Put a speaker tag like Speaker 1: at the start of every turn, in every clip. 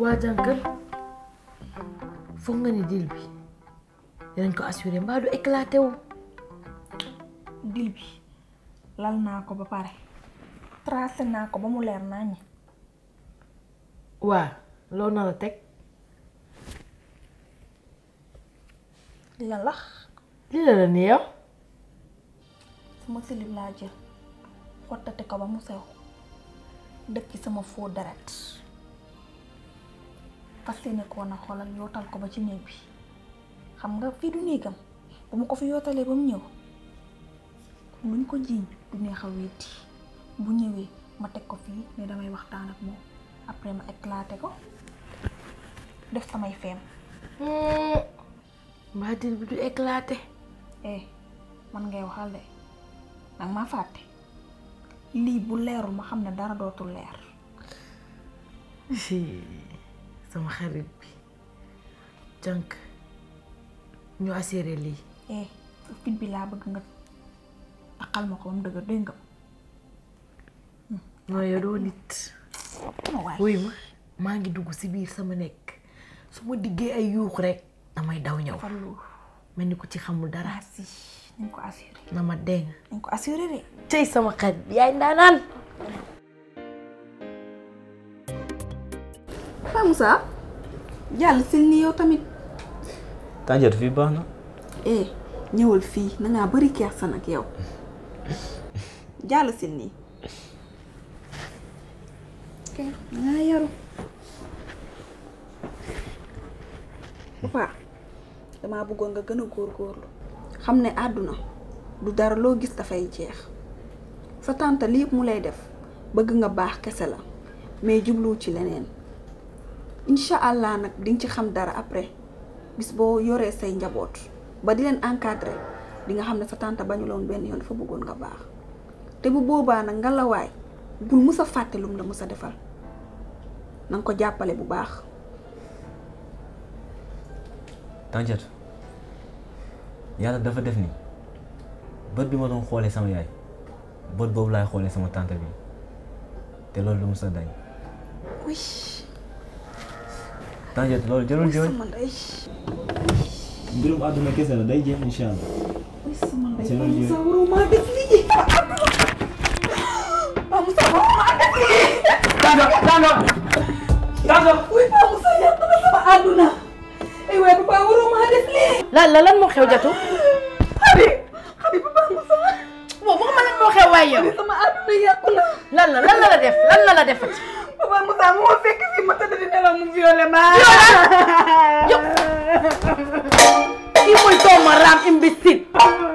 Speaker 1: waa jànkal foog nga ni deal bi dinañ ko assuré mbaa du
Speaker 2: éclaté wu. bi lal naa ko ba pare tracé naa ko ba mu leer naa
Speaker 1: waa loo nar a teg. li la lax. li la la ni
Speaker 2: sama silib laa jël xottati ko ba mu sew def ci sama faux deret. fas yéene ko woon a xoolal yootal ko ba ci néeg bi xam nga fii du néegam bu ma ko fi yootalee ba ñëw luñ ko jiiñ du neex a wéeti bu ñëwee ma teg ko fii ne damay waxtaan ak moom après ma éclaté ko def samay feem hmm, mbaa dir bi du éclaté eh man ngay waxal de nag maa fàtte lii bu leerul ma xam ne dara dootul leer
Speaker 1: sama xarit bi jànk ñu assuré lii.
Speaker 2: eh fit bi laa bëgg nga taxal ma ko ba mu dëgër dégg nga.
Speaker 1: Hmm. non yow doo nit. wuy ma maa ngi dugg si biir sama nekk su ma diggee ay yuux rek damay daw ñëw. mel ni ko ci xamul
Speaker 2: dara. si ko
Speaker 1: na ma dégg. nañ ko assuré de. tey sama xarit yaay ndaanaan.
Speaker 2: Paa Musa? jàll si ni yow tamit. tànjat fii eh ñëwal fi, na ngaa bëri kersa nag yow jàll ya, si nii. ok yaru. Papa damaa bëggoon nga gën a góorgóorlu. xam ne àdduna du dara loo gis dafay jeex sa tante lii mu lay def bëgg nga baax kese mais ci leneen. incha allah nag di nga ci xam dara après bis boo yoree say njaboot ba di leen encadré di nga xam ne sa tante bañu loon benn yoon dafa bëggoon nga baax te bu boobaa nag ngalawaay bul mus a fàtte lum la mus a defal nanga ko jàppale bu baax.
Speaker 3: tànjat yàlla dafa def ni bët bi ma doon xoolee sama yaay bët boobu laay xoolee sama tante bi te loolu lu mus a dañ. طنجة لول جرو جوي قلوب عدو ما كسر ده يجي ان شاء الله
Speaker 2: ويسم الله يصوروا ما بسلي ما مصوروا ما بسلي تانو تانو تانو ويبا مصير
Speaker 1: طبعا عدونا ايوه بابا ورو ما بسلي لا لا لا مو خيوجته حبيب حبيب بابا مصور ومو ما مو خيوايا ما عدونا يا كلها لا لا لا لا دف لا لا دفت
Speaker 2: Mwangu feki si moto ndine vamuviole mara. Yo.
Speaker 1: Imo ito maram imbecile.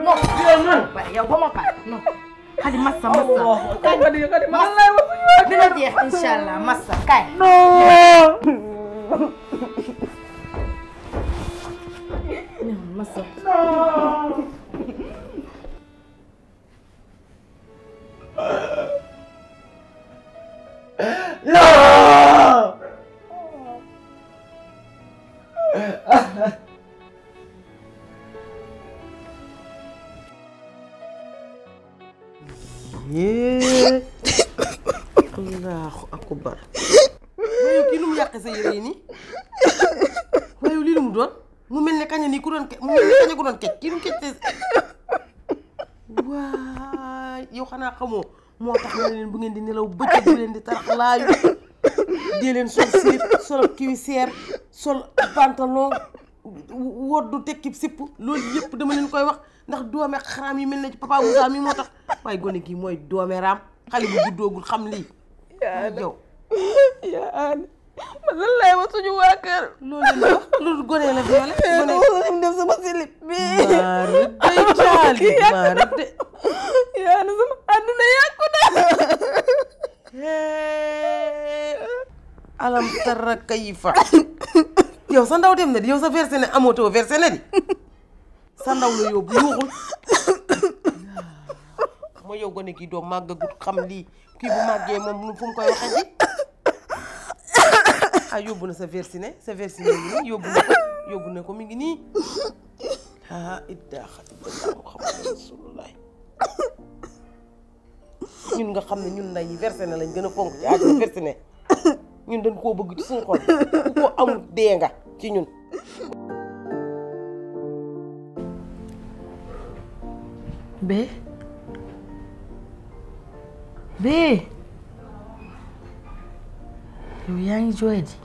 Speaker 1: No, viole man. Ba ya goma pa. No. Hadi kan? ya, masa masa. Kai hadi hadi masa. Dina dia ya, inshallah masa. Kai. No. masa. No.
Speaker 4: No! Ya!
Speaker 5: Yeah.
Speaker 6: Allahu akbar. Wayu ki lu ya mu sa yére yi nii wayu lii lu mu doon mu mel ku ke mu mel yuk ku ki xamoo moo tax ma leen bu ngeen di nelaw bëccëg bu leen di taraxlaayu dee leen sol slip sol cuissère sol pantalon du tekki sipp loolu yëpp dama leen koy wax ndax doome xaraam yi mel na ci papa Moussa moo tax waaye gone gi mooy doome raam xale bu juddoogul xam lii yow yaa man lan lay wax suñu waa loolu la loolu gone la doole. gone wala mu na sama alam tara kayfa. yow sa ndaw dem na di yow sa versé ne amoto versé na di sa ndaw la yóbbu yuuxul. moo gone kii doo màggagut xam lii kii bu màggee moom fu mu koy waxee ah yóbbu na sa versine sa versine ngi na ko yóbbu mi ngi nii ah, ñun nga xam ne ñun nay versine lañ gën a fonk ci àdduna versine ñun dañ koo bëgg ci suñu xol ko amul dee nga ci ñun bee
Speaker 1: bee yow yaa ngi jooy di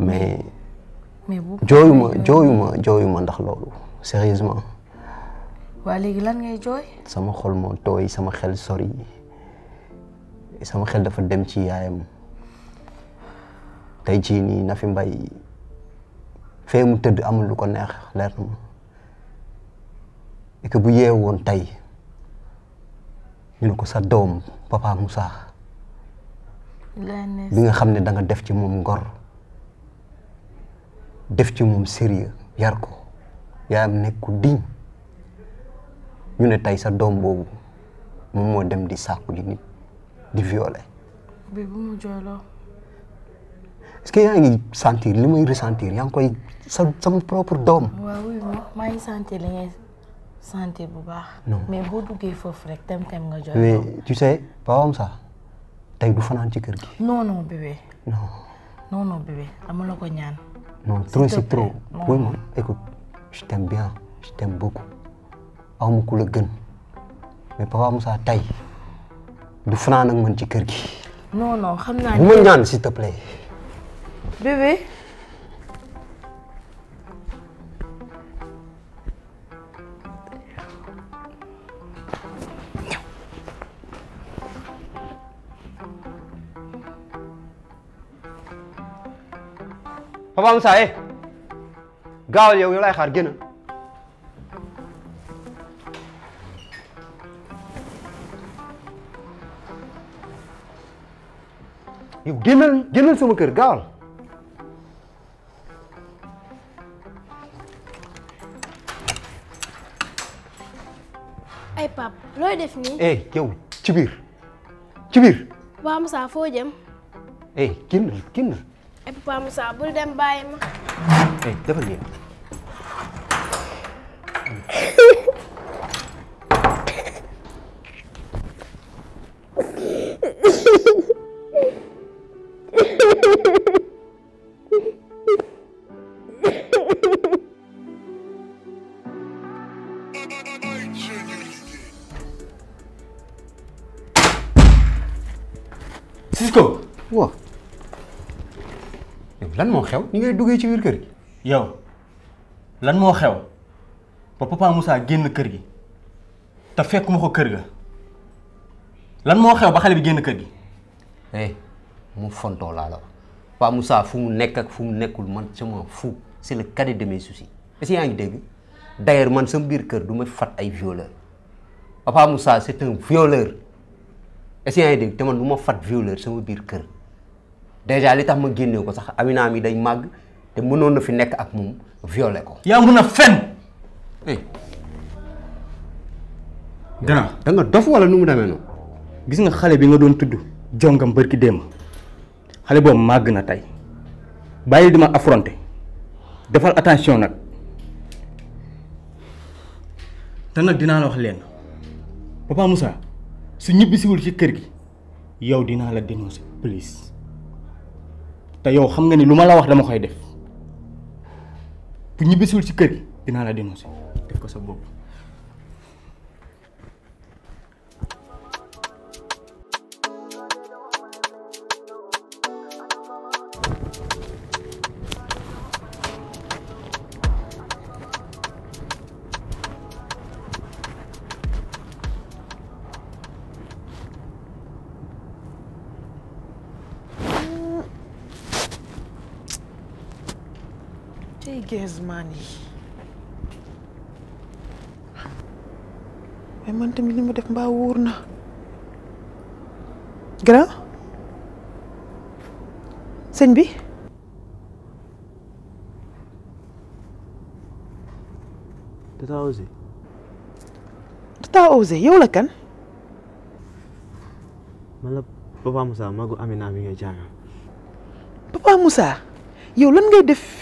Speaker 5: mais jooyuma euh, jooyuma jooyuma ndax loolu sérieusement
Speaker 1: waa léegi lan ngay jooy
Speaker 5: sama xol moo tooy sama xel sori sama xel dafa dem ci yaayam tey jii nii na mbay fee mu tëdd amul lu ko neex leer na ma et bu yee woon tey ñu ne ko sa doom papa Moussa
Speaker 1: bi nga xam
Speaker 5: ne danga def ci moom ngor def ci moom sérieux yar ko yaayam nekk ku ñu ne tey sa doom boobu moom moo dem di sàkku ji nit di violer.
Speaker 1: bi bu mu jooyloo.
Speaker 5: est-ce que yaa ngi sentir li may resentir yaa ngi koy sa sama propre doom.
Speaker 1: waaw oui maa sentir li ngay sentir bu baax. non mais boo duggee foofu rek tem tem nga jooyloo. mais
Speaker 5: tu sais papaam sax tey du fanaan ci kër gi.
Speaker 1: non non bébé. non non non bébé dama la ñaan. Non, trop, c'est trop. Oui, moi.
Speaker 5: Écoute, je t'aime bien, je t'aime beaucoup. Je suis un peu plus Mais papa, je suis un peu plus grand. Je suis un peu plus
Speaker 1: grand. Non, non, je suis un peu plus grand. s'il te plaît. Bébé?
Speaker 5: papa musa eh gaawal yow ya, yow laay xaar génn yow génnal génnal sama kër gaawal
Speaker 4: ay eh, pap looy def nii
Speaker 5: eh yow ci biir ci biir
Speaker 4: waa Moussa foo jëm
Speaker 5: eh génnal génnal
Speaker 4: Eh, papà mi sa pure da un
Speaker 5: dia. Ehi, dove xew ni ngay duggee ci biir kër gi. yow lan moo xew ba papa Moussa génn kër gi te fekkuma ko kër ga lan moo xew ba xale bi génn kër gi. eh mu fontoo laa la papa Moussa fu mu nekk ak fu mu nekkul man sama fu c'est le cadet de mes soucis est yaa ngi dégg d'ailleurs man sama biir kër du ma fat ay violeur papa musaa c'est un violeur est-ce que yaa ngi dégg te man du ma fat violeur sama biir kër. déjà li tax ma génnew ko sax Amina mi day màgg te mënoon na fi nekk ak moom violé ko. yaa mun a fen. gannaaw da dof wala nu mu demee noonu. gis nga xale bi nga doon tudd jongam bërki démb xale boobu màgg na tey bàyyi dima affronter defal attention nag te nag dinaa la wax leen papa Moussa su ñibbisiwul ci kër gi yow dinaa la dénoncer police. te yow xam nga ni lu ma la wax dama koy def bu ñibbisul si kër yi dinaa la dénoncer def ko sa bopp.
Speaker 6: tey Gezman yi mais man tamit li ma def mbaa wóor na grand sëñ bi
Speaker 3: tata Ousé tata
Speaker 6: Ousé yow la kan
Speaker 3: man la papa Moussa magu Amina mi ngay
Speaker 6: papa Moussa yow lan ngay def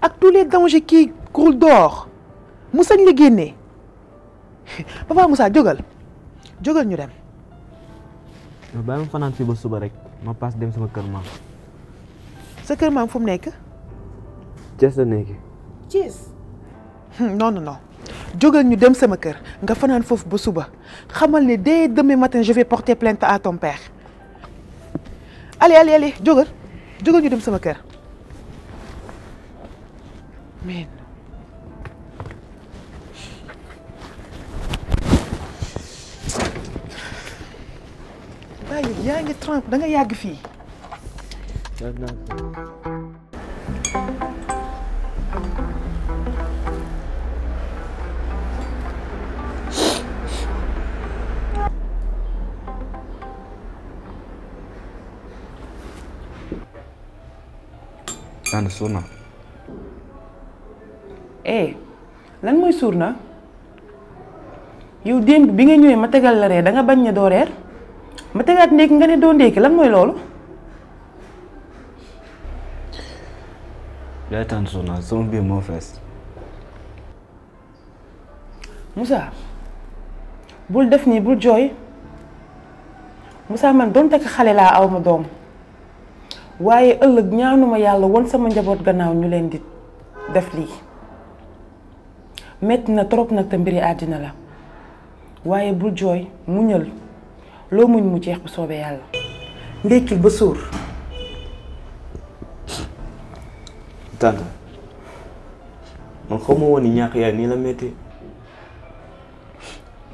Speaker 6: Avec tous les dangers qui coulent dehors mu papa Moussa nous dem.
Speaker 3: ma dem sama
Speaker 6: faut hmm, Non, non non non Tu ñu dem sama kër nga faire un ba suba xamal que dès demain matin je vais porter plainte à ton père. allez allez allez jógal dem Man. Baye yang ngi Trump da nga yàgg fii. eh lan mooy suur na yow démb bi nga ñëwee mategal tegal la reer da nga bañ ne doo reer ma tegaat ndékki nga ne doo ndékki lan mooy loolu.
Speaker 3: yaay tànn soxna sama biir moo fees.
Speaker 6: Moussa bul def nii bul jooy Moussa man donte ko xale laa aw ma doom waaye ëllëg ñaanuma yàlla won sama njaboot gannaaw ñu leen di def lii. metti na trop nag te mbiri àddina la waaye bul jooy muñal loo muñ mu jeex bu soobee yàlla ndékkil ba suur
Speaker 3: tante man xaw ma woon ni ñàkk yaay nii la metti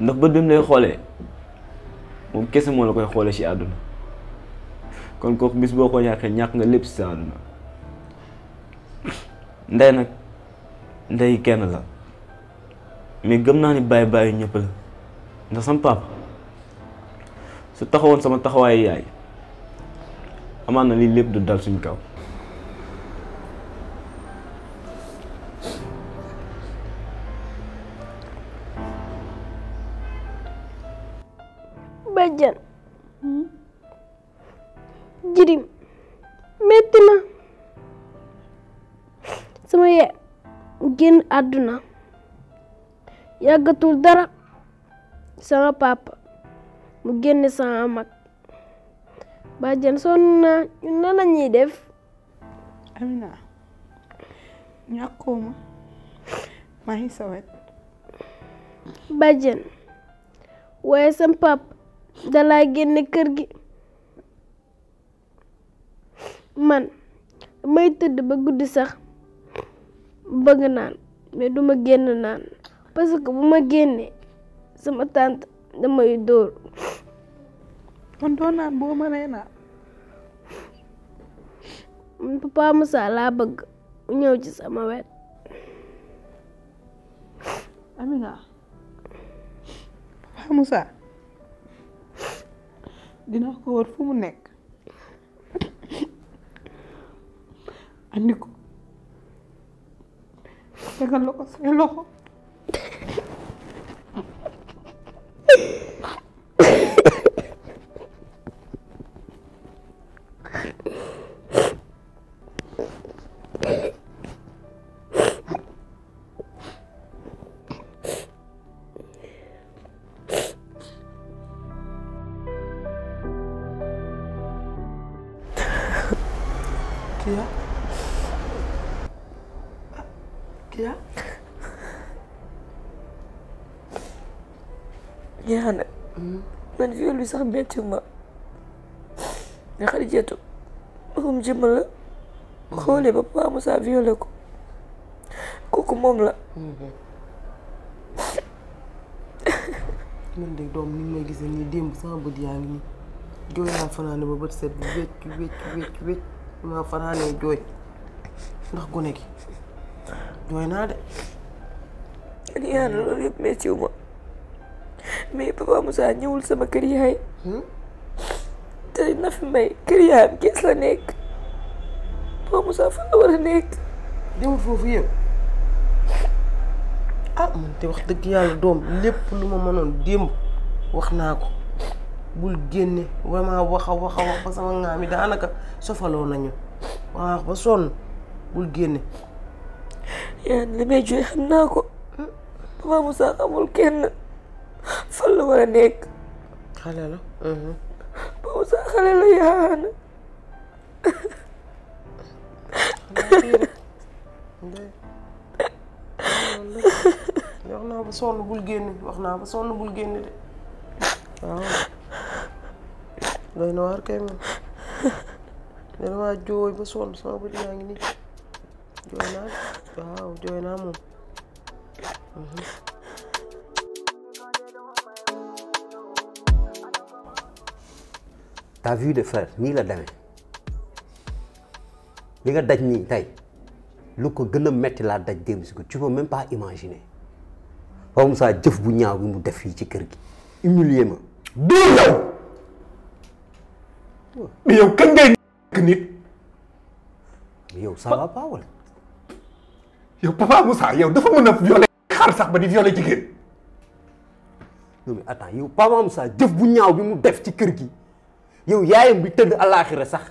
Speaker 3: ndax bët bi mu lay xoole moom kese moo la koy xoole ci àdduna kon kooku bis boo ko ñàkkee ñàkk nga lépp ci sa àdduna ndey nag ndey kenn la mais gëm na ni bay bay ñëpp la ndax sama papa su taxawon sama taxaway yaay amana li lepp du dal suñu kaw
Speaker 4: bajjan hmm? jirim metti na sama yaay aduna Ya tul dara sama papa mu génne sama mag bàjjen sonn na ñun na la ñuy def Amina ñakuma ma hi ngi ba wet way sam pap da dalaa genn kër gi man may tëdd ba gudd sax bëgg naan mais duma genn naan parce que bu ma sama tante damay dor man doo naan papa musa laa bëgg ñëw ci sama wet Amina papa musa
Speaker 6: dina ko wër fu mu nekk andi Kia na
Speaker 1: ñaana hmm? man viol bi sax métti ma nga Xadijatu moom la
Speaker 6: hmm. xoolee ba Papa Moussa violé ko kooku moom la hmm. man de doom ni may gisee nii démb sama bët yaa ngi nii jooy naa fanaan ba bët set wécc wécc ma fanaanee jooy ndax gone gi jooy naa de
Speaker 3: man yàlla loolu yëpp méttiwu
Speaker 6: mais papa Moussa ñëwul sama kër yaay
Speaker 1: hmm? te na fi may kër yaayam gees la nekk
Speaker 6: papa Moussa fan la war a nekk demul foofu yëpp ah man te wax dëgg yàlla doom lépp lu ma mënoon démb wax naa ko bul génne vraiment wax a wax a wax ba sama ŋaam yi daanaka sofaloo nañu wax ba sonn bul génne la war a mhm. wax naa ba sonn bul génne wax naa ba sonn bul génne de doy na waar kay man ne damaa jooy ba sonn sama bët yaa ngi nii jooy naa waaw jooy naa moom. Mhm.
Speaker 5: t'as vu de frère nii la demee li nga daj nii tey lu ko gën a metti laa daj démb si ko tu peux même pas imaginer Comme ça, saa jëf bu ñaaw bi mu def fii ci kër gi humilier ma dóor yow mais yow kan ngay nekk nit. yow ça va pas wala. dafa mën a violer xar sax ba di violer jigéen. non mais attends yow papa Moussa jëf bu ñaaw bi mu def ci kër gi yow yaayam bi tëdd alaaxira sax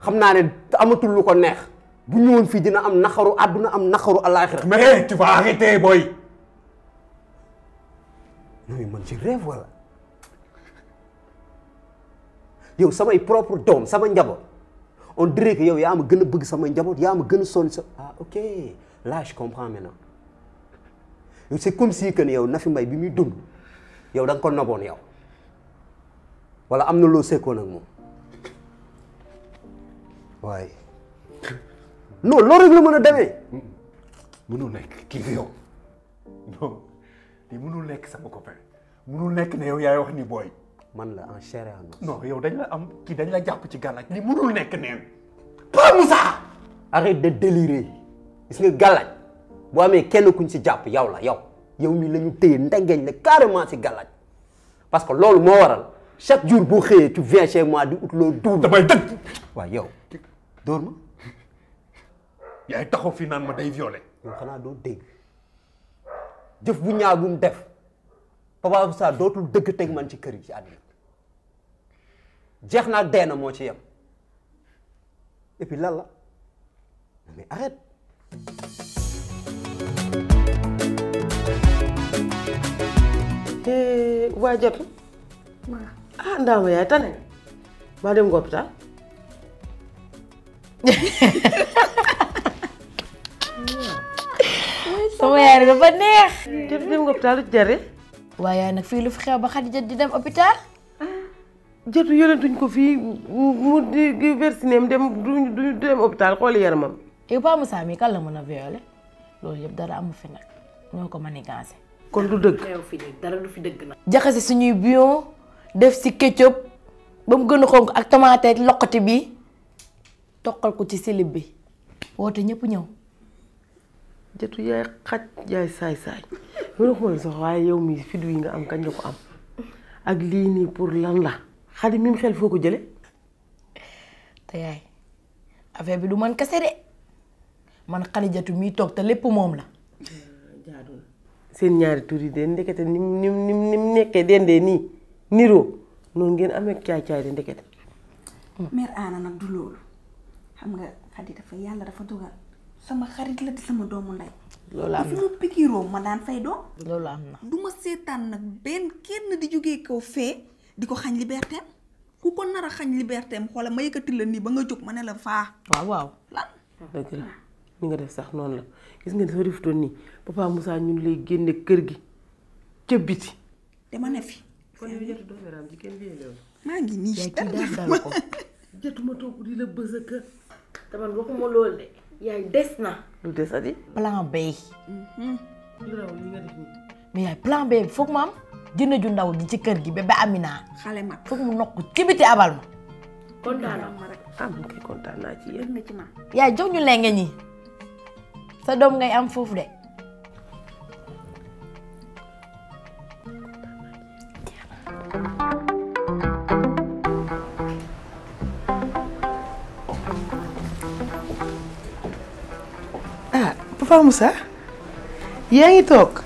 Speaker 5: xam naa ne amatul lu ko neex bu ñëwoon fii dina am naxaru àdduna am naxaru alaaxira. mais tu vas arrêter boy. non man ci rêve wala. yow samay propre doom sama njaboot on dirait que yow yaa ma gën a bëgg sama njaboot yaa ma gën a son sa ah ok là je comprends maintenant yow c'est comme si que yow Nafi Mbaye bi muy dund yow da nga ko noboon yow walla am na loo sekkoon ak moom waaye non loolu rek la mën a demee. mënul nekk kii yow non mënul nekk sama copain mënul nekk ne yow yaay wax ni booy. man la en chair et en os non yow dañ la am ki dañ la japp ci galaj ni mudul nek nen pa musa arrête de délirer gis nga galaj bo amé kenn kuñ ci japp yow la yow yow mi lañu ñu téye ndengeñ la carrément ci galaj parce que lolu mo waral chaque jour boo xëyee tu viens chez moi di out lo dou da bay deug wa yow dorma yaay taxo fi nan ma day violé yow xana do dégg def bu ñaagum def papa Moussa dootul deug tek man ci kër yi ci adina jeex deena mo ci yam et puis lan mais arrête
Speaker 6: te eh, waa ah, ma ah ndaama yaay tane maa dem nga hôpital sama yaay ba
Speaker 1: neex dem nga
Speaker 6: hôpital lu jere waaye nak fi lu fi xew ba xadija
Speaker 1: di dem hôpital
Speaker 6: jatu yëlantuñ ko fii mu di versinéem dem duñu duñu dem hôpital xool yaramam. yow Paa Moussa mii kan la mën a violer loolu yëpp dara amu fi nag ñoo
Speaker 1: ko manigancé. kon du dëgg dara du fi dëgg nag.
Speaker 6: jaxase suñuy bouillon def
Speaker 1: si ketchup ba mu gën a xonk ak tomate ak loqati bi toqal ko ci silib bi woote ñëpp ñëw.
Speaker 6: jatu yaay xaj yaay saay saay mën na xool sax waaye yow mii fidu yi nga am kañ nga ko am ak lii nii pour lan la. xadi mim xel foo ko jële te yaay affaire
Speaker 1: bi du man kese de man xalijatu mii toog te lépp moom la
Speaker 6: jaadul seen ñaari tur yi de ndekete nim nim nim nim nekkee dendee nii niroo noonu ngeen amee caay caay de ndekete
Speaker 2: mère nag du loolu xam nga xadi dafa yàlla dafa dogal sama xarit la di sama doomu ndey loolu am na pikiroo seetaan nag benn kenn di jógee kaw fee di ko xañ liberté ku ko nar xañ liberté am xoola ma yëkkati la nii ba nga jóg ma ne la faa.
Speaker 6: waaw waaw lan. dëgg nga def sax noonu la gis nga soo defutoon nii papa Moussa ñun lay génne kër gi ca biti. dama ne fi. kon yow maa ngi nii
Speaker 1: de. yaay des na. lu des a di. plan B. Mhm. mais yaay plan B foog ma jënd ju ndaw ji ci kër gi bébé Amina. xalé mag fu mu nokku ci biti abal ma.
Speaker 2: kontaan naa ma rek am ah, ko ngi kontaan naa ci yéen. ci ma
Speaker 1: yaay jox ñu lenge ñi sa dom ngay am fofu dé
Speaker 6: ah papa Moussa yaa ngi toog.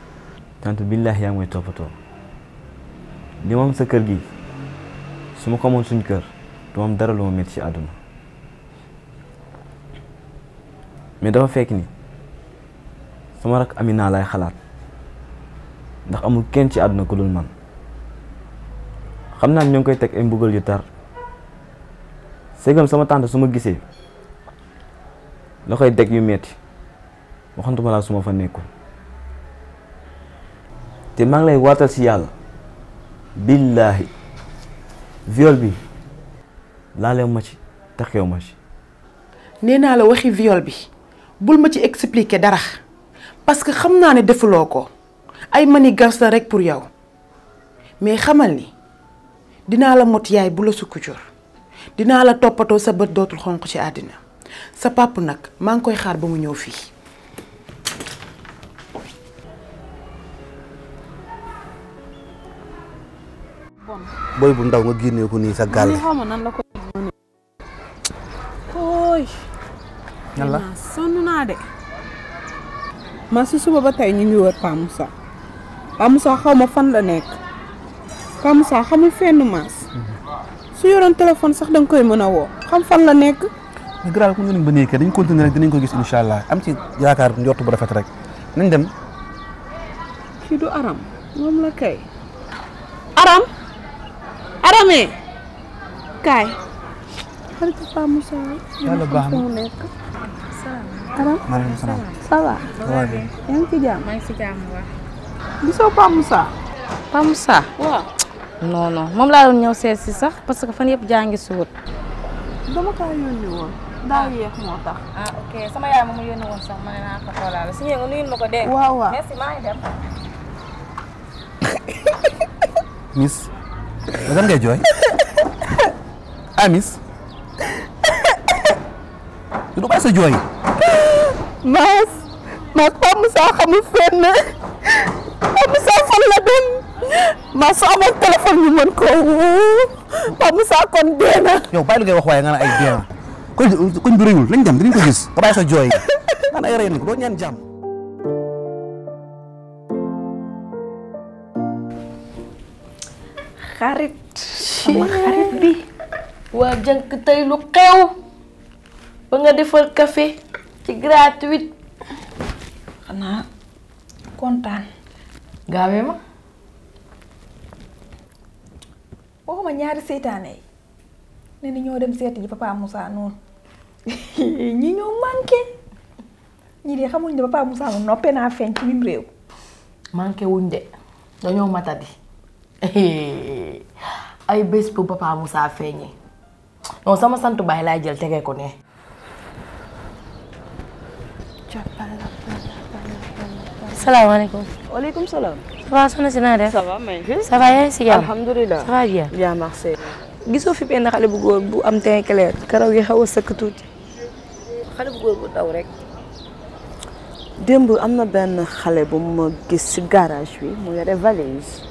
Speaker 3: tante billaahi yaa ngi toppatoo li ma am sa kër gi su ma ko amoon suñ kër du am dara lu ma métti ci àdduna mais dafa fekk ni sama rak Amina laay xalaat ndax amul kenn ci àdduna ku dul man xam naa ñoo ngi koy teg ay mbugal yu tar ségam sama tante su ma gisee la koy deg yu metti waxantuma laa su ma fa nekkul te maa ngi lay waatal si yàlla billaahi viole bi laalew ma ci taxew ma ci
Speaker 6: nee naa la waxi viole bi bul ma ci expliquer dara parce que xam naa ne defuloo ko ay mani la rek pour yow mais xamal ni dinaa la mot yaay bu la sukku jur dinaa la toppatoo sa bët dootul xonq ci àddina sa pàpp nag maa ngi koy xaar ba mu ñëw fii
Speaker 5: boy bu ndaw nga guiné ko ni sa gal ni
Speaker 6: ma nan la ko ni ooy. yalla sonn naa de. ma su suba
Speaker 2: ba tey ñu ngi wër Pa Moussa. Pa Moussa xaw fan la nek Pa Moussa
Speaker 6: xamul fenn maas. su yoron téléphone sax dang koy mëna wo xam fan la nek
Speaker 5: ni graal ko ni ñu ko bëggee dañ ko tuné rek dinañ ko gis inshallah am ci yaakaar njort bu rafet rek nañ dem.
Speaker 6: ki du aram mom la kay. aram.
Speaker 2: Arame kaay. xaritu Paa Moussa. yàlla baax na mu
Speaker 5: salaam. yaa
Speaker 2: ngi ci
Speaker 6: jàmm. maa ngi ci jàmm waaw.
Speaker 2: gisoo Paa
Speaker 1: moom laa doon ñëw seet si sax parce que fan yëpp jàngi si
Speaker 6: dama kaa yónni woon.
Speaker 2: daa yéex moo tax. Ah, sama yaay ma mu woon sax ma naa ko xoolal si ñëw nga nuyul ma ko dégg. waaw waaw ngi dem.
Speaker 5: lan ngay jooy Amis du bàyyi sa jooy maas maas Pape Moussa xamul
Speaker 2: fenn Pape Moussa fan la dem maas su amoon téléphone ñu mën
Speaker 5: ko Pape Moussa kon dee yow bàyyi lu ngay wax waaye nga ne ay dee na koñ bi rëyul lañ dem dinañ ko gis nga bàyyi sa jooy naan ay rëy na ko doo ñaan jàmm
Speaker 1: sama Karit bi wajan kita lu kau. ba default cafe, café ci gratuit xanaa kontan. Gawe ma
Speaker 2: waxuma oh, ñaari seytaane yi ne ni ñoo dem seeti papa Musa non, ñi ñoo manqué ñi de xamuñ papa Musa non, noppee nafin feeñ ci mim unde, donyo wuñ de
Speaker 1: ay bés bu papa Moussa feeñee non sama sant baay laay jël tege ko ne. salaamaaleykum.
Speaker 6: waaleykum salaam.
Speaker 2: ça va soxna
Speaker 1: si naa def. ça va si yàlla. alhamdulilah ça va bien. bien gisoo fi benn xale bu góor bu am teint karaw gi xaw a sëkk tuuti.
Speaker 2: xale bu góor bu daw rek.
Speaker 6: démb am na benn xale bu ma gis si garage bi mu yore valise.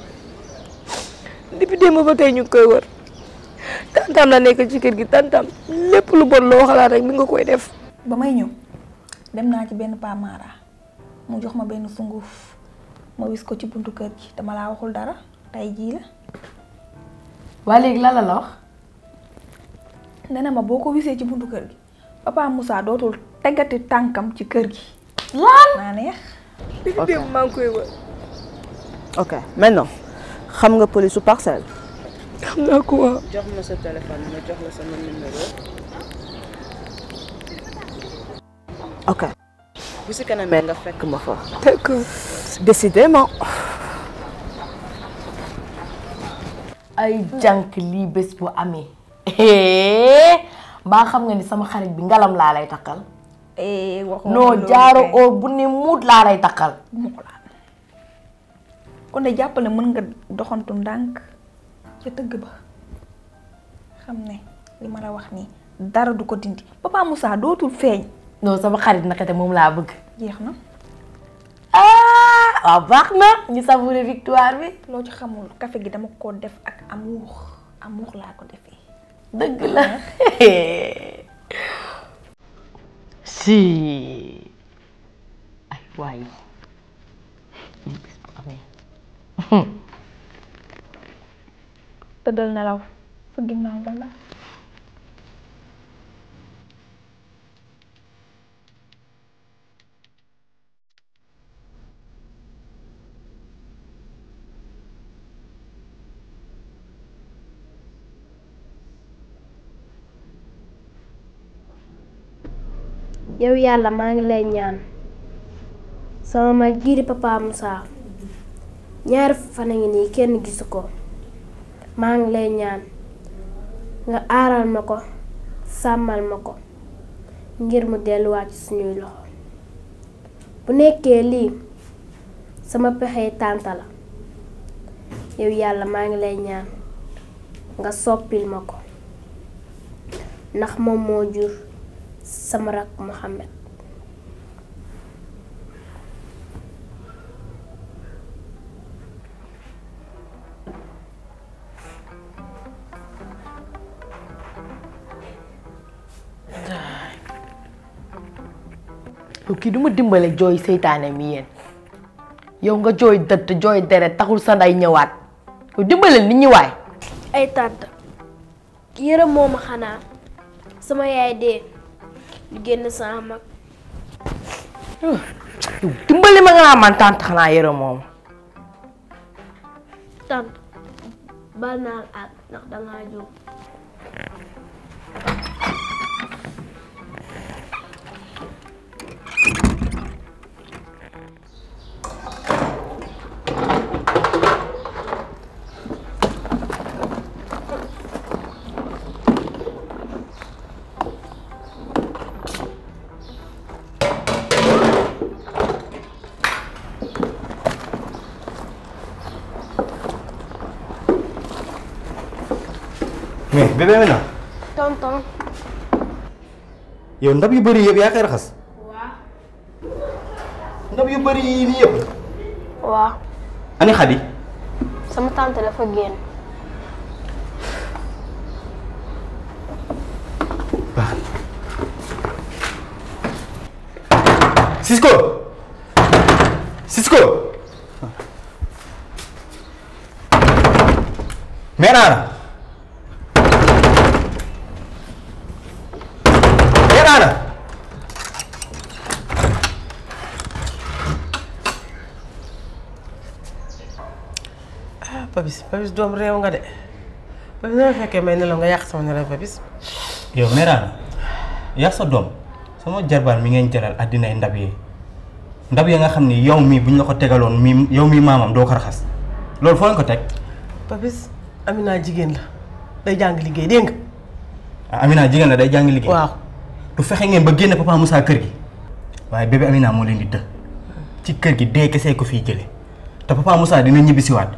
Speaker 1: depuis démb ba tay ñu koy wër tantam la nekk ci kër gi tantam
Speaker 2: lepp lu bon lo xala rek mi nga koy def. ba may ñëw dem na ci benn pamara mu jox ma benn sunguf ma wis ko ci buntu kër gi dama la waxul dara tay ji la. wa leg la la wax. nena ma boko wisé ci buntu kër gi papa Moussa dotul tegati tankam ci kër gi. lan naa neex.
Speaker 6: depuis démb koy wër.
Speaker 2: ok maintenant xam nga police parcel xam na quoi
Speaker 6: jox ma sa téléphone ma jox la sama numéro
Speaker 2: ok
Speaker 4: bu si kanamé nga fekk ma fa
Speaker 2: d'accord décidément
Speaker 1: ay jank li bes bu amé eh, ba xam nga
Speaker 2: ni sama xarit bi ngalam la lay waxo
Speaker 4: No jaaro o
Speaker 2: bu ne mood la lay takkal eh, kon de jàppale mën nga doxantu ndànk ca tëgg ba xam ne li ma la wax nii dara du ko dindi papa Moussa dootul feeñ. non sama xarit nakate moom laa bëgg. jeex na. ah waaw baax na ñu savouré victoire loo ci xamul café gi dama ko def ak amour laa ko defee. dëgg la.
Speaker 1: si
Speaker 2: Hmm. tëddal nelaw
Speaker 4: yow yàlla maa ngi lay ñaan sama mag jiiri papa Moussa ñaari fan a ngi nii kenn gisu ko maa ngi lay ñaan nga aaral ma ko sàmmal ma ko ngir mu delluwaat ci suñuy loxo bu nekkee lii sama pexey tànta la yow yàlla maa ngi lay ñaan nga soppil ma ko ndax moom moo jur sama rakk Muhammad
Speaker 1: kii duma ma dimbale jooy seytaane mi yéen yow nga jooy dëtt jooy deret taxul sa nday ñëwaat yow dimbale nit ñi waay.
Speaker 4: ay tante yërëm mooma xanaa sama yaay dee ñu génn sama mag.
Speaker 1: yow ma nga naa man tante xanaa yërëm mooma.
Speaker 4: tante baal naa ak ndax dangaa jóg. bébé mi na. tonton.
Speaker 5: yow ndab yu bëri yëpp yaa koy raxas.
Speaker 4: ndab yu bëri yii nii yëpp. waaw. ani Xadi. sama tante dafa génn.
Speaker 5: baax na. Cisco. Cisco. mais
Speaker 6: babis Papis doom rew nga de babis na fekke may nelo nga yak sama nelo Papis.
Speaker 5: Yo nee naa so sa doom sama jarbar mi ngeen jaral adina ndab yi ndab yi ya nga xamni yow mi buñ la ko tegalon mi yow mi mamam do ko raxas loolu foo leen ko teg. Papis
Speaker 6: Amina jigen la day jang liggéey dégg
Speaker 5: ah, Amina jigen la day jang liggéey. waaw du fexe ngeen ba genn papa musa kër gi waye bébé Amina mo leen di të ci kër gi dee kese ko fi jëlee ta papa musa dina ñibbisiwaat.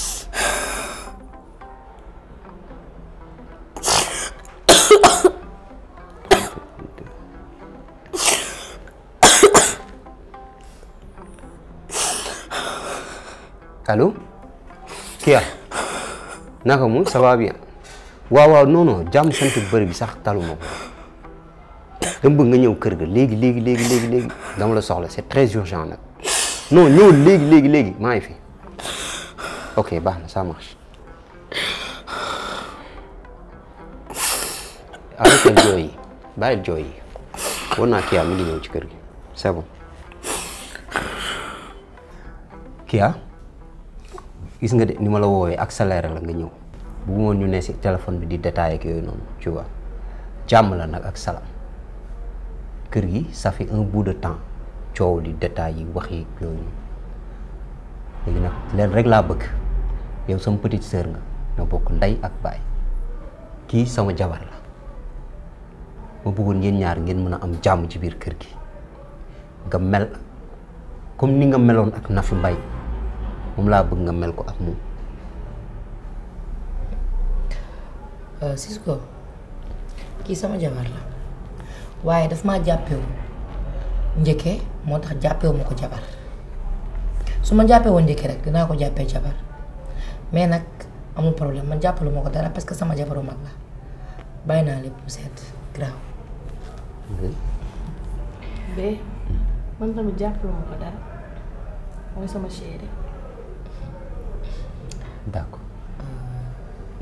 Speaker 5: allo Kia naka mu ça va bien waaw waaw non non jàmm sant bëri bi sax talu ma ko dama bëgg nga ñëw kër ga léegi léegi léegi léegi dama la soxla c'est très urgent nag non ñëw léegi léegi léegi maa ngi fi ok baax na ça marche arrêtel jooy yi bàyyil jooy yi war naa Kia mi ngi ñëw ci kër gi c'est bon gis nga de ni ma la woowee accéléré la nga ñew bu mo ñu ne si téléphone bi di détaillé ak yooyu non ci wa jàmm la nak ak salam kër gi ça fait un bout de temps ciow di détail yi wax yi yooyu ñu nak leen rek la bëgg yow sama petite sœur nga na bokk nday ak bay ki sama jabar la mo bëggoon yéen ñaar ngeen mëna am jàmm ci biir kër gi nga mel comme ni nga melone ak Nafi Mbaye mom la bëgg nga mel ko ak moom.
Speaker 1: Eh, Cisco ki sama jabar la waye daf ma jàppewu njëkke moo jabar suma ma won woon rek dina ko jappé jabar mais nak amul problème man jàppalu ma dara parce que sama jabaru mag la bayna lepp mu seet graw be man tamit jàppalu ma sama chéri.
Speaker 5: d' accord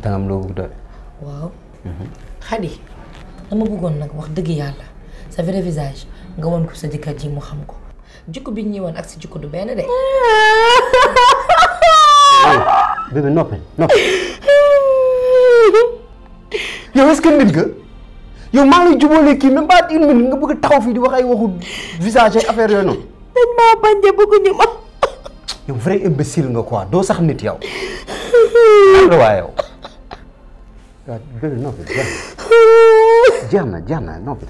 Speaker 5: danga am loo bëgg doole.
Speaker 1: waaw. Xadi mhm. dama bëggoon nag wax dëgg yàlla sa vrai visage nga won ko sa jëkkër ji mu xam ko jikko bi ñuy woon ak sa jikko du benn de. Eh,
Speaker 5: bébé noppi noppi. yow est-ce nit nga yow maa ngi jubóolee kii même pas une nga bëgg a taxaw fii di wax ay waxu visage affaire yooyu noonu. dañ maa bañ a bëgguñu ma. yow vrai imbécile nga quoi doo sax nit yow. waaye yow waaw gën a na jeex na noppi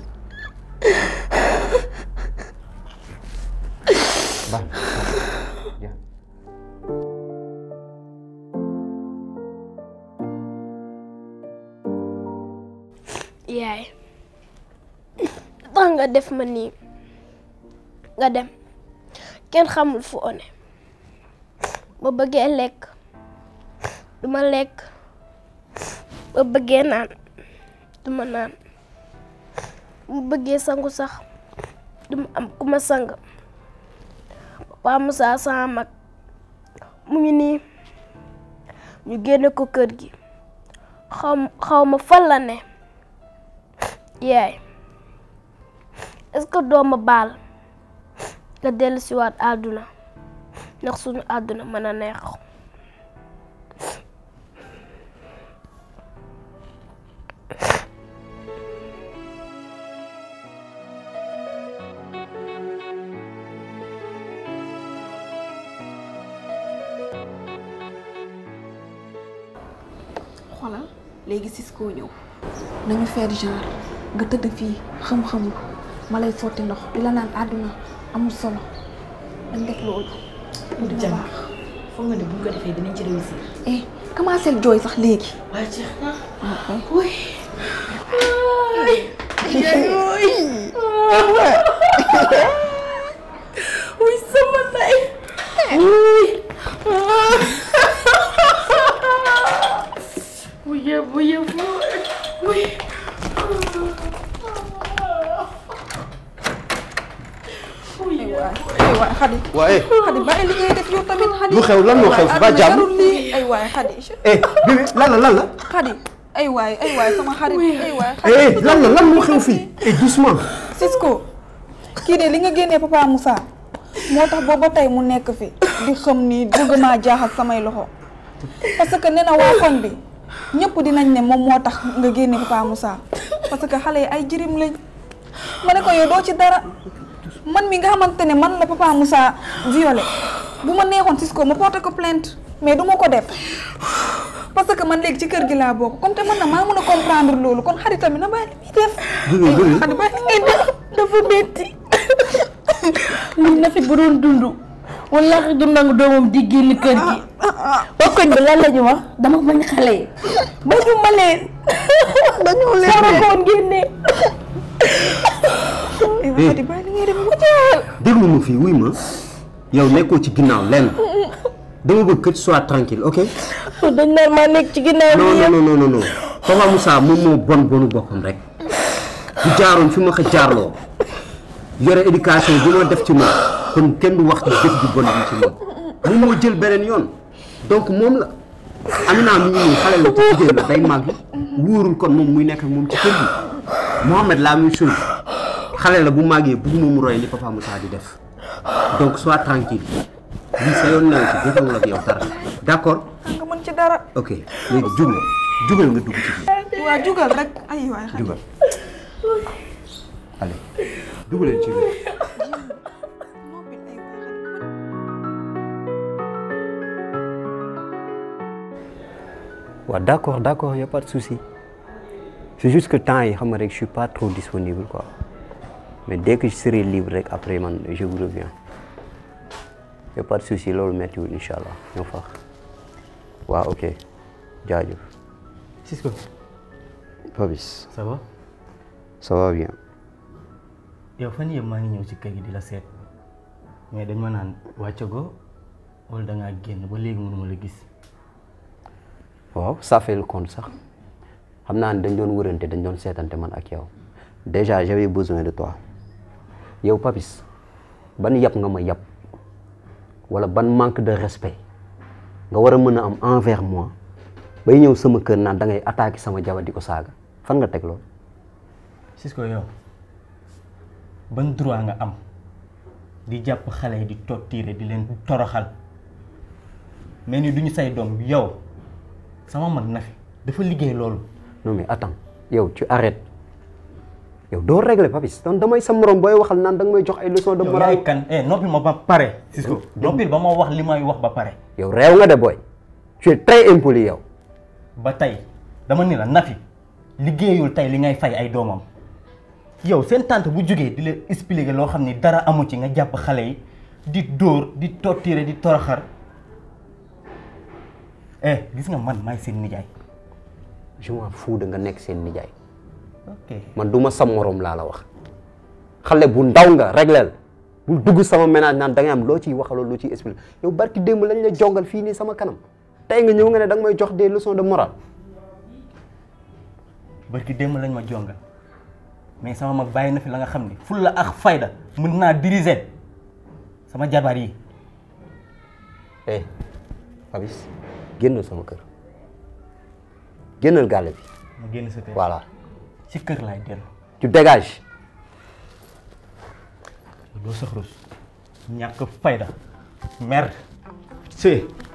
Speaker 4: yaay tax nga def ma nii nga dem kenn xamul fu one ba bëggee lekk duma lekk ba bëggee naan duma naan mu bëggee sangu sax duma am ku ma sang papa Moussa sama mag mu ngi nii ñu génne ko kër gi xaw xaw ma fan la ne yaay est-ce que doo ma baal nga dellusiwaat àdduna ndax suñu àdduna mën a neex
Speaker 2: léegi Cisco ñëw nañu faire genre nga tëdd fii xam-xamul ma lay fotti ndox di la naan àdduna amul solo dañ def loolu dina baax foog nga eh, jooy sax léegi waaye jeex na wuy sama
Speaker 1: я боявся. Ой.
Speaker 2: waaye xadi bàyyi li lu xew lan moo xew ba jàmm aywaay xadi.
Speaker 5: eh bibi lan la lan la.
Speaker 2: xadi aywaay aywaay sama xarit aywaay.
Speaker 5: xadi lan la xew fii. eh doucement.
Speaker 2: kii de li nga génne papa Moussa moo tax booba tey mu nekk fi di xam ni bëgg maa jaaxal samay loxo parce que nee na waa koñ bi. ñëpp dinañ ne moom moo tax nga génne Papa Moussa parce que xale yi ay jërim lañ ma ne ko yow doo ci dara man mi nga xamante ne man la Papa Moussa violé bu ma neexoon Cisco ma porté ko plainte mais du ma ko def parce que man léegi ci kër gi laa bokk comme te man na maa mën a comprendre loolu kon xaritam na bàyyi
Speaker 3: li muy def. xarit
Speaker 2: bàyyi li dafa metti lii na fi bu doon dund
Speaker 1: wala dund ak doomam di génn kër gi. Ah. waa koñ bi lan la ñu wax dama bañ xale yi bañu leen. bañu leen sama koon
Speaker 5: eh. fii wuy ma yow nekkoo ci ginnaaw lenn dama bëgg que tu tranquille ok. dañ naan maa nekk ci ginnaaw bi non non non non Papa Moussa moom moo bon bonu boppam rek bu jaaroon fi ma ko jaarloo yore éducation bi ma def ci moom kon kenn du wax ci jëf bon bi ci moom moom moo jël beneen yoon. donc moom la Amina mi ngi nii xale la ci jigéen kon moom muy nekk moom ci kër gi Mouhamed la même xale la bu màggee bëgguma mu roy li papa Moussa di def donc sois tranquille lii sa yoon nawe ci jotewul ak yow dara d'accord nga mën ci dara ok léegi jugal jugal nga dugg ci
Speaker 2: biir waaw jugal rek ay ci
Speaker 5: biir Ouais, d'accord, d'accord, il y' a pas de souci C'est juste que temps yi xam nga je suis pas trop disponible quoi mais dès que je serai libre après je vous reviens y' a pas de souci loolu méttiwul incha allah ñoo faax waaw ok jaajëf. Cisco. Papis. ça va. ça va bien. Et enfin, yëpp maa ngi ñëw ci kër la seet mais dañ ma naan on go wala da ngaa génn ba léegi mënuma la gis. waaw safel kon sax xam naa ne dañ doon wërante dañ doon seetante man ak yow déjà j'avais besoin de toi yow Papis ban yàpp nga ma yàpp wala ban manque de respect nga war a mën a am envers moi bay ñëw sama kër naa da ngay attaquer sama jabar di ko saaga fan nga teg loolu. Cisco yow ban droit nga am di jàpp xale di torturer di leen toroxal mais ni duñu say doom yow. sama mag nafi dafa liggéey loolu. non mais attends yow ci arrêtes yow doo régler papis donc damay sa moroom booy waxal naan danga may jox ay leçon de morale. yow kan eh noppil ma ba pare. Cisco noppil ba ma wax li may wax ba pare. yow réew nga de booy. tu es très impoli yow. ba tey dama ni la Nafi liggéeyul tey li ngay fay ay doomam yow seen tante bu jógee di leen expliquer loo xam ni dara amu ci nga jàpp xale yi di dóor di torturer di toroxar. eh gis nga man maay seen nijaay. je m'en fous nga nekk seen nijaay. man du ma sa morom laa la wax. xale bu ndaw nga regleel bul dugg sama ménage naan da am loo ciy waxaloo loo ci expliqué yow barki démb lañ la jongal fii nii sama kanam tey nga ñëw nga ne da nga may jox des leçons de morale. barki démb lañ ma jongal mais sama mag bàyyi na fi la nga xam ni ful la ak fayda mën naa diriger sama jabar yi. eh genus sama kër génnal gàlle bi. ma génn sa kër voilà. si kër laay dellu. tu dégages. doo sax rus. ñàkk fayda mer. si.